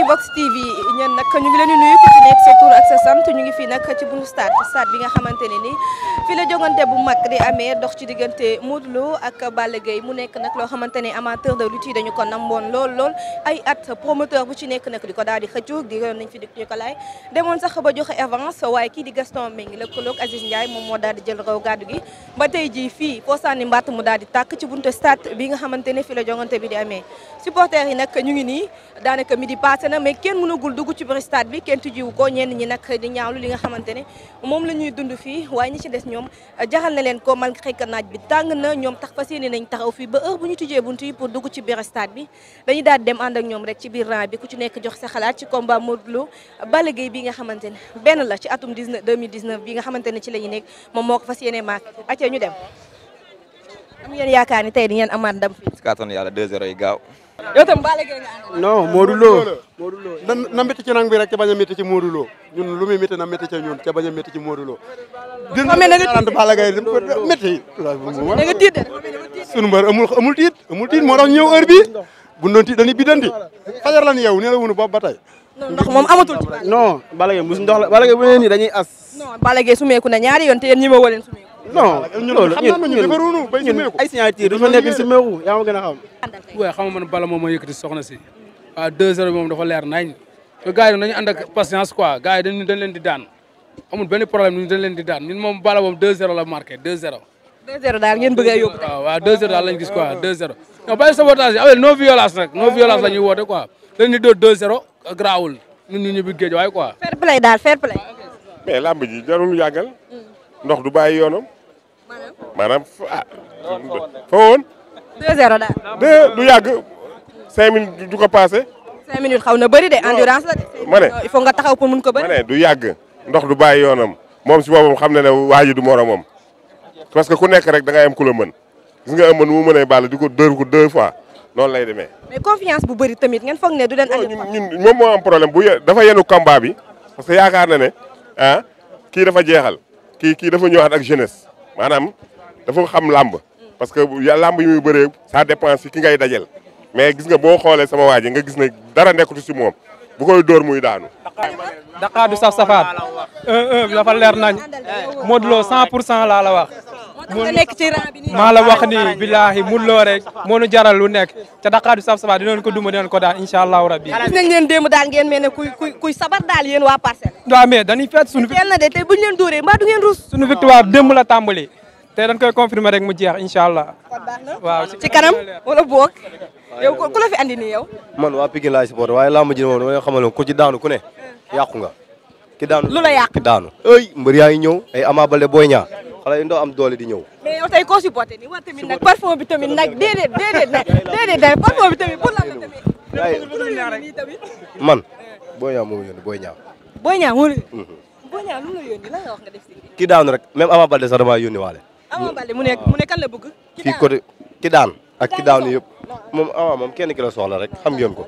mbokki Vox TV ñeen nag ñu ngi leen di nuyu ku ci nekk sa tur ak sa sant ñu ngi fii nag ci bunu stade stade bi nga xamante ne ni fii la jogante bu mag di amee dox ci diggante Modou Lo ak Balla loo yi dañu lool lool ay at nekk nag di ko daal di xëccu di yoon nañ fi dik ñu ko laay demoon sax ba joxe avance waaye kii di Gaston mi ngi lëkkaloog Aziz Ndiaye moom moo daal di jël raw gàddu gi ba tey jii fii foo sànni mu daal di tàkk ci buntu stade bi nga xamante ne fii la jogante bi di amee supporters na mais kenn mënagul dugg ci biir stade bi kenn tijjiwu ko ñenn ñi nag di ñaawlu li nga xamante ne moom la ñuy dund fii waaye ñi ci des ñoom euh, jaxal na leen ko malgré que naaj bi tàng na ñoom tax fas yéene nañ taxaw fii ba bu ñu tijjee bunt yi pour dugg ci biir stade bi dañuy dem ànd ak ñoom rek ci biir rang bi ku ci nekk jox sa xalaat ci combat Modou Lo Balla Gaye bi nga xamante ne benn la ci atum 19 2019 bi nga xamante ne ci la ñu nekk moom moo ko fas yéene maak acca ñu dem am yaakaar ni tey di ngeen amaat ndam fii si kattanu yàlla 2-0 yi gaaw yow tam Balla Gaye nga àndal. non Modou Lo na na métti ci bi rek ca bañ a métti ci Modou Lo ñun lu muy métti na métti ca ñun ca bañ a métti ci Modou Lo. xam nga nag dinañ Balla sunu mbër amul tiit amul tiit moo tax ñëw heure bi bu doon tiit dañuy biddanti fajar lan la wuñu bopp ba a ndox moom amatul ci. non Balla Gaye mosu ndox la Balla bu ne nii dañuy as. non Balla Gaye na ñaari yoon te yéen ñi ma woo leen non loolu ñun ñun ay si meeku yaa ma gën a xam. waaye xam nga man bala di daan amul benn problème ñun dañ leen di daan ñun moom bala moom deux zéro la marqué deux zéro. deux zéro daal ngeen bëgg a yóbbu. daal lañ gis quoi deux zéro. non bàyyi sabotage yi ah non violence nag non ndox du bàyyi yoonam. maanaam ah. fa woon. 2-0 du yàgg 5 minutes du ko passé. 5 minutes xaw na bari de endurance la de. ma ne il faut nga taxaw pour mun ko bëri. ma ne du yàgg ndox du bàyyi yoonam moom si boppam xam ne ne waa ji du moromam parce que ku nekk rek da ngay am ku mën gis nga amoon mu mënee baal di ko dër ko deux fois noonu lay demee. mais confiance bu bëri tamit ngeen foog ne du leen. andi ñun moom moo am problème bu dafa yenu combat bi parce que yaakaar na ne ah kii dafa jeexal. kii kii dafa ñëwaat ak jeunesse maanaam dafa xam làmb parce que ya làmb yi muy bëree ça dépend si ki ngay dajel mais gis nga boo xoolee sama waa ji nga gis ne dara nekkatu si moom bu koy dóor muy daanu. daqaadu saf safaat. 1 euh, 1 euh, dafa leer nañ. Modou Lo 100 pour cent laa la wax. maa la wax ni billahi mun loo rek moo nu jaral lu nekk te daqaadu saf safa dinañ ko duma dinañ ko daan incha allahu rabbi gis nañ leen démb daal ngeen mel ne kuy kuy kuy sabar daal yéen waa parcelle waaw mais dañuy feet suñu teel na de tey buñu leen dóoree mbaa du ngeen ruus suñu la tàmbali te dañ koy confirmer rek mu jeex incha allah waaw ci kanam wala boog yow ku fi andi nii yow man waa Pikine laay supporté waaye laa ma ji moom dama xamal ku ci daanu ku ne yàqu nga ki daanu lu la yàq daanu ay mbër yaa ngi ñëw ay Ama Baldé Boy xale yu ndaw am doole di ñëw. mais yow tey koo supporté nii war tamit nag parfum bi tamit nag déedéet déedéet nag déedéet parfum bi tamit pour lan la tamit. man Boy Niang moom yónni Boy Niang. Boy Niang moo la mhm. daan rek même Ama Baldé sax damaa yónni ki daan ak ki daan yëpp moom moom kenn ki la soxla rek xam ngeen ko.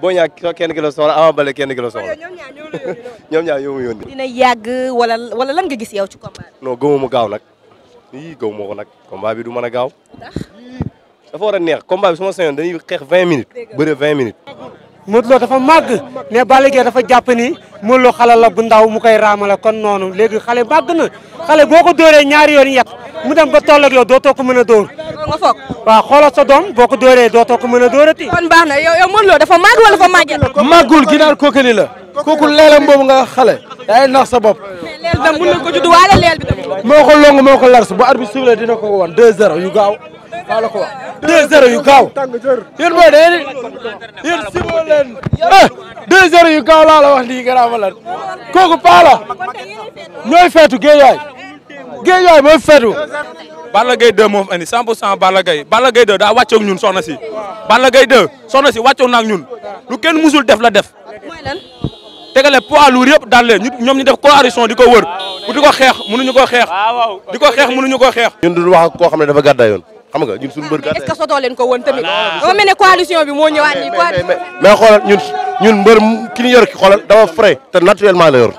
boo ñaa kenn kilo soxla Ama Baldé kenn kilo soxla ñoom ñaar ñoo ma yónni. yàgg wala wala lan nga gis yow ci combat non gëmu mu gaaw nag yii gëmu ma ko nag combat bi du mën a gaaw. dafa war a neex combat bi su ma sañoon dañuy xeex vingt minutes bëre vingt minutes. Modou loo dafa màgg mais Balla Gaye dafa jàpp ni Modou Lo la bu ndaw mu koy raamale kon noonu léegi xale màgg na xale boo ko dóoree ñaari yoon yet mu dem ba toll ak yow dootoo ko mën a dóor. loolu nga foog. xoolal sa doom boo ko dóoree dootoo ko mën a dóorati. kon baax na yow yow Modou Lo dafa màgg wala dafa màggee. màggul ginaar kookali la kooku leelam boobu nga xale. yaay nax sa bopp. mais leel na ko judd waale leel moo ko long moo ko lars bu arbitre bi sifflé dina ko woon 2-0 yu gaaw. maa la ko yu gaaw yéen booy da ngeen di yéen siboo leen eh, deux yu gaaw laa la wax lii garaaf la kooku paa la ñooy feetu géejaay géejaay mooy feetu. Balla Gaye 2 moo fi indi 100 pour cent Balla Gaye Balla Gaye daa wàccoog ñun soxna si Balla Gaye 2 soxna si wàccoog naag ñun lu kenn musul def la def. tegale poids alu yëpp daal leen ñoom ñu def coalition di ko wër bu di ko xeex mënuñu ko xeex ah, di ko xeex mu mënuñu ko xeex. ñun duñu wax ak koo xam ne dafa gàddaa xam nga ñun suñu mbër gàtt. est-ce ko woon bi moo ñëwaat nii. mais mais mais ñun ñun mbër ki ñu yor ki xoolal dafa frais te naturellement la yor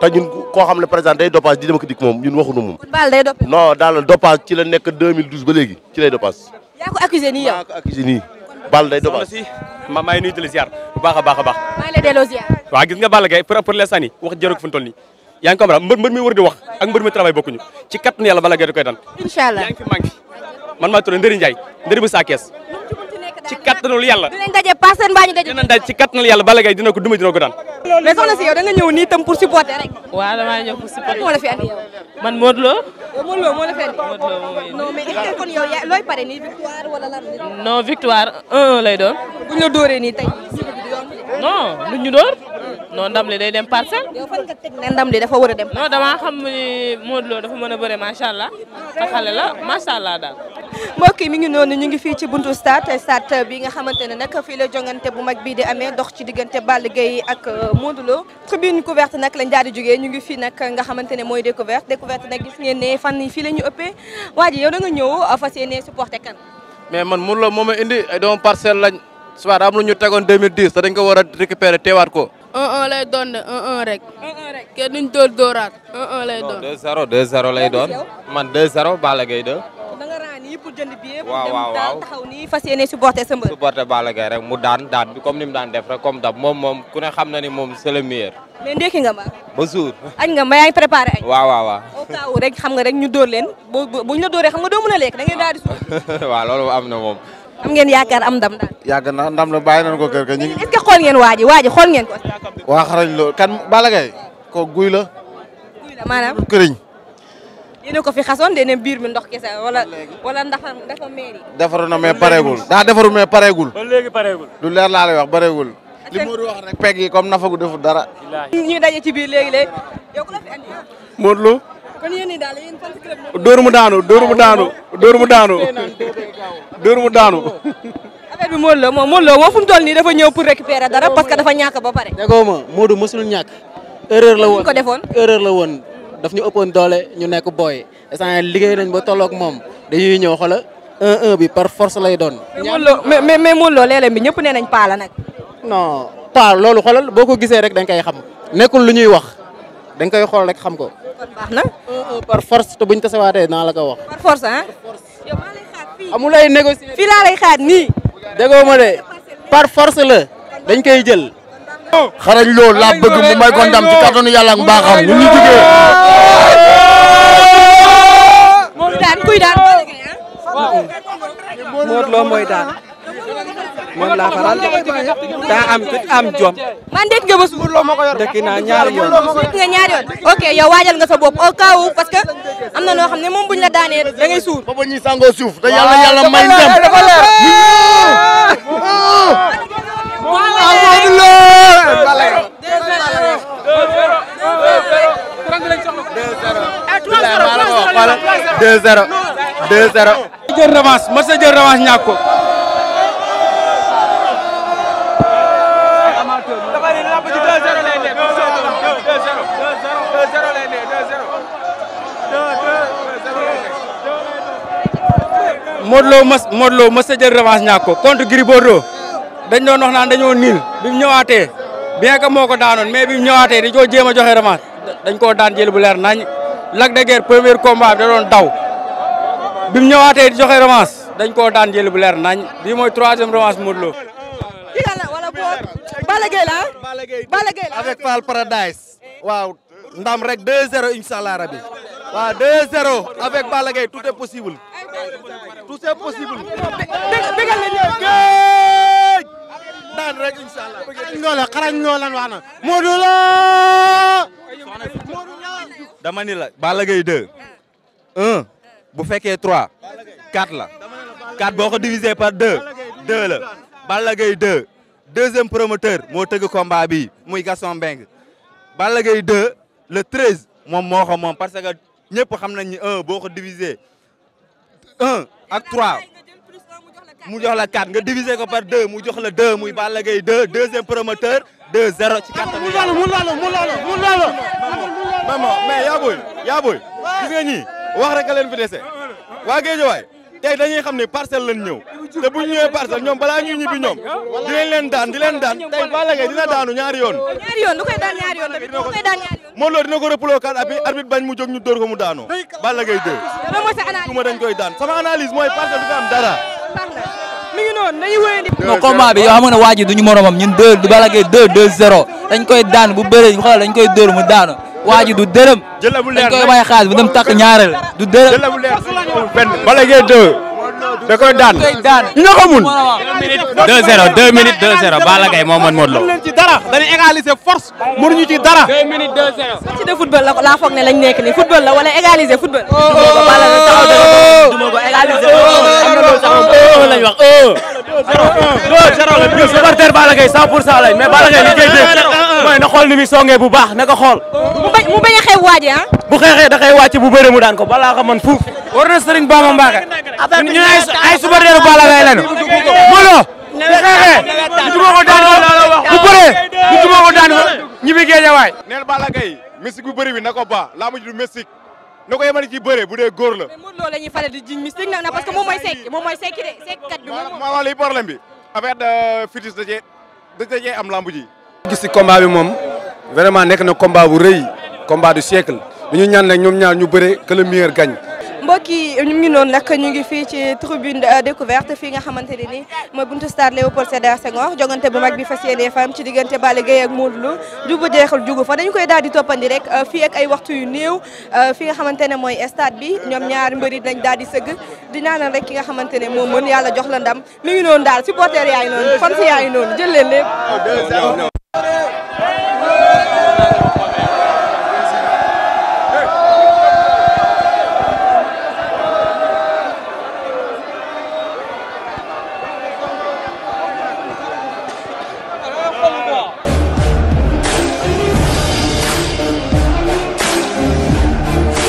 te ñun koo xam ne président day dopage di dem ak dikk moom ñun waxuñu moom. day dopage. non daal dopage ci la nekk 2012 ba ci ma maa ngi nuyu la ziar bu baax a baax a baax. maa ngi lay delloo ziar. waaw gis nga Balla Gaye pour pour l'instant nii wax jërëjëf fu mu toll nii yaa ngi comprendre mbër mbër mi war di wax ak mbër mi travail bokkuñu yaa man maa tudd Ndëri Ndiaye Ndëri bu Sakkees ci kattanul yàlla dinañ daje paas seen mbaa ñu daje dinañ daje ci kattanul yàlla Balla Gaye dina o duma dina ko daan mais soxna si yow nga ñëw nii tam pour supporter rek waaw damaa ñëw pour supporter man Modou Lo Modou Lo moo lay doon buñ la dóoree nii tey non ndam day dem parcelle. yow dafa war a dem. non damaa xam ni Modou Lo dafa mën a bëre macha allah te xale la macha allah daal. mbokk yi mi ngi noonu ñu ngi fii ci buntu stade stade bi nga xamante ne nag fii la jongante bu mag bi di amee dox ci diggante Balla Gaye ak euh, Modou Lo tribune couverte nag lañ daal di jógee ñu ngi fii nag nga xamante ne mooy découverte découverte nag gis ngeen ne fan yi fii la ñu ëppe waa ji yow da nga ñëw euh, fas yéene supporté kan mais man Modou moom moo ma indi ay doomu parcelle lañ soit amu ñu tegoon 2010 te dañ ko war a récupérer teewaat ko 1-1 lay doon de 1-1 rek. 1-1 rek kenn duñ dóor dóoraat. 1-1 lay doon man 2-0 Balla Gaye 2. nii jënd billet. waaw waaw daal taxaw nii fas yéene supporter sa mbër. supporter Balla rek mu daan daan bi comme ni mu daan def rek comme dab moom moom xam na ni moom c'est le meilleur. mais ndekki nga ma. ba suur. ma yaa ngi préparé añ. waaw waaw waaw. nga rek ñu dóor leen bu bu la dóoree xam nga doo mën a lekk da ngeen daal di suur. waaw loolu yaakaar am ndam yàgg na ndam la bàyyi nañu ko kër ga ñu. est-ce waa ji waa ji xool ngeen ko. waa xarañ loolu kan Balla ko guy la. guy maanaam yéen a ko fi xasoon de ne biir mi ndox kese wala wala ndax dafa meeri. defaru na mais pareegul daa defaru mais pareegul. ba léegi pareegul. du leer laa lay wax pareegul. li Modou wax rek peg yi comme nafagu deful dara. ñu daje ci biir léegi léegi. yow ku la fi andi. Ah. Modou Lo. kon yéen ñi daal yéen fan club. dóor mu daanu dóor mu ah, daanu dóor mu daanu dóor mu daanu. affaire bi Modou Lo moom Modou Lo moom fu mu toll nii dafa ñëw pour récupérer dara parce que dafa ñàkk ba pare. déggoo ma Modou mosul ñàkk. erreur la woon ko defoon erreur la woon. daf ñu ëppoon doole ñu nekk booy instant liggéey nañ ba tolloog moom dañuy ñëw xoola 1-1 bi par force lay doon. mais mais mais Modou Lo léeg-léeg bi ñëpp nee nañ paa la nag. non paa loolu xoolal boo ko gisee rek da koy xam nekkul lu ñuy wax da koy xool rek xam ko. na. par force te buñ tasawaatee naa la ko wax. par force ah. yow maa lay xaar fii. amul nii. déggoo ma de par force la dañ koy jël. xarañ loo laa bëgg mu may ko ndam ci kattanu yàlla ak mbaaxam ñu Lo mooy daan moom laa faral daa am fit man dégg nga bés bu Modou Lo moo ko yor. dëkk naa ñaari yoon. dëkk nga ñaari yoon na noo xam ne moom buñ la daanee da ngay suur. booba ñuy sangoo suuf te 2-0 2-0 jël revanche ma sa jël revanche ñàkk ko Modou Lo mas Modou Lo mas sa jël revanche ñàkk ko contre Gris Bordeaux dañ doon wax naan dañoo niil bi mu ñëwaatee bien que moo ko daanoon mais bi ñëwaatee dañ koo jéem a joxe revanche dañ koo daan jël bu leer nañ Lac de Guiers premier combat da doon daw bi mu ñëwaatee di joxe revanche dañ koo daan jël bu leer nañ bii mooy troisième revanche Modou Lo. la boor Balla Gaye la Balla avec Paradise waaw ndam rek 2-0 inshallah rabbi waaw 2-0 avec Balla Gaye tout est possible tout est possible. daan rek incha allah. xarañ loola xarañ loola wax na Modou Lo. Modou Lo. ni la Balla Gaye 2. bu fekkee 3 4 la 4 boo ko divisé par 2 2 la Balla Gaye 2 deuxième promoteur moo tëgg combat bi muy Gaston Mbengue Balla Gaye 2 le 13 moom moo ko moom parce que ñëpp xam nañ ni 1 boo ko divisé 1 ak 3. mu jox la kaat nga diviser ko par 2 mu jox la 2 muy Balla Gaye 2 deuxième promoteur 2 0 ci kàttan. mu loolu mu loolu mu loolu mu loolu. maman mais yaa booy yaa booy gis nga ñii wax rek a leen fi dese waa Géejawaay tey dañuy xam ne parcelle lañ ñëw te bu ñu ñoom balaa ñuy ñibbi ñoom dinañ leen daan di leen daan tey Balla Gaye dina daanu ñaari yoon. ñaari yoon dina ko rëppaloo kat abi arbitre bañ mu jóg ñu dóor ko mu daanoo Balla Gaye 2. dama dañ koy daan sama analyse mooy parcelle du fi am dara. mi ngi noonu dañuy wéyandi. non combat du Balla Gaye deux deux zéro dañ koy koy dóor mu bu leer dañ koy bàyyi xaalis bu du dërëm. jëlee bu leer benn Balla da koy daan ñu nga ko mun. 2 0 2 minutes 2 0 Balla Gaye moo mën Modou Lo. mënuñu ci dara dañuy égaliser force mënuñu ci dara. 2 minutes 2 0. match de football la laa foog ne lañ nekk nii football la wala égaliser football. du ma ko égaliser. 1 wax 1. 0 la ñu supporter Balla Gaye 100 pour 100 lañ mais Balla Gaye na xool ni muy songee bu baax na ko xool. mu bañ mu bañ a xew waaji ah. bu xeexee da koy wàcc bu bëre mu daan ko balaa ko man fuuf. war na Serigne Bamba Mbacké ñun ay ay supporter Balla Gaye lañu. Molo bu xeexee ñu duma ko daan ko bu bëree ñu duma ko daan ko ñibbi géejawaay. neel Balla Gaye mystique bu bi na ko ba na ko yemale ci bëre bu dee góor la. mais Modou Lo la ñuy faral di jiñ mystique nag parce que moom mooy sekki moom mooy sekki de sekkat bi. moom mooy li problème bi. affaire euh, de fitis da cee da cee am lambu ji. gis si combat bi moom vraiment nekk na combat bu rëy combat du siècle ñu ñan nag ñoom ñaar ñu bëre que le meilleur mbokk yi ñu ngi noonu nag ñu ngi fii ci tribune découverte fii nga xamante ne nii mooy buntu stade Léopold Sédar Senghor jogante bu mag bi fas yéenee fam ci diggante bale Gaye ak Modou Lô jubu jeexal jugu fa dañu koy daal di toppandi rek uh, fii ak ay waxtu yu néew uh, fi nga xamante ne mooy stade bi ñoom ñaari mbëri dañ daal di sëgg di ñaanal rek ki nga xamante ne moo mën yàlla jox la ndam mi ngi noonu daal supporter yaa ngi noonu fans yaa ngi noonu jël leen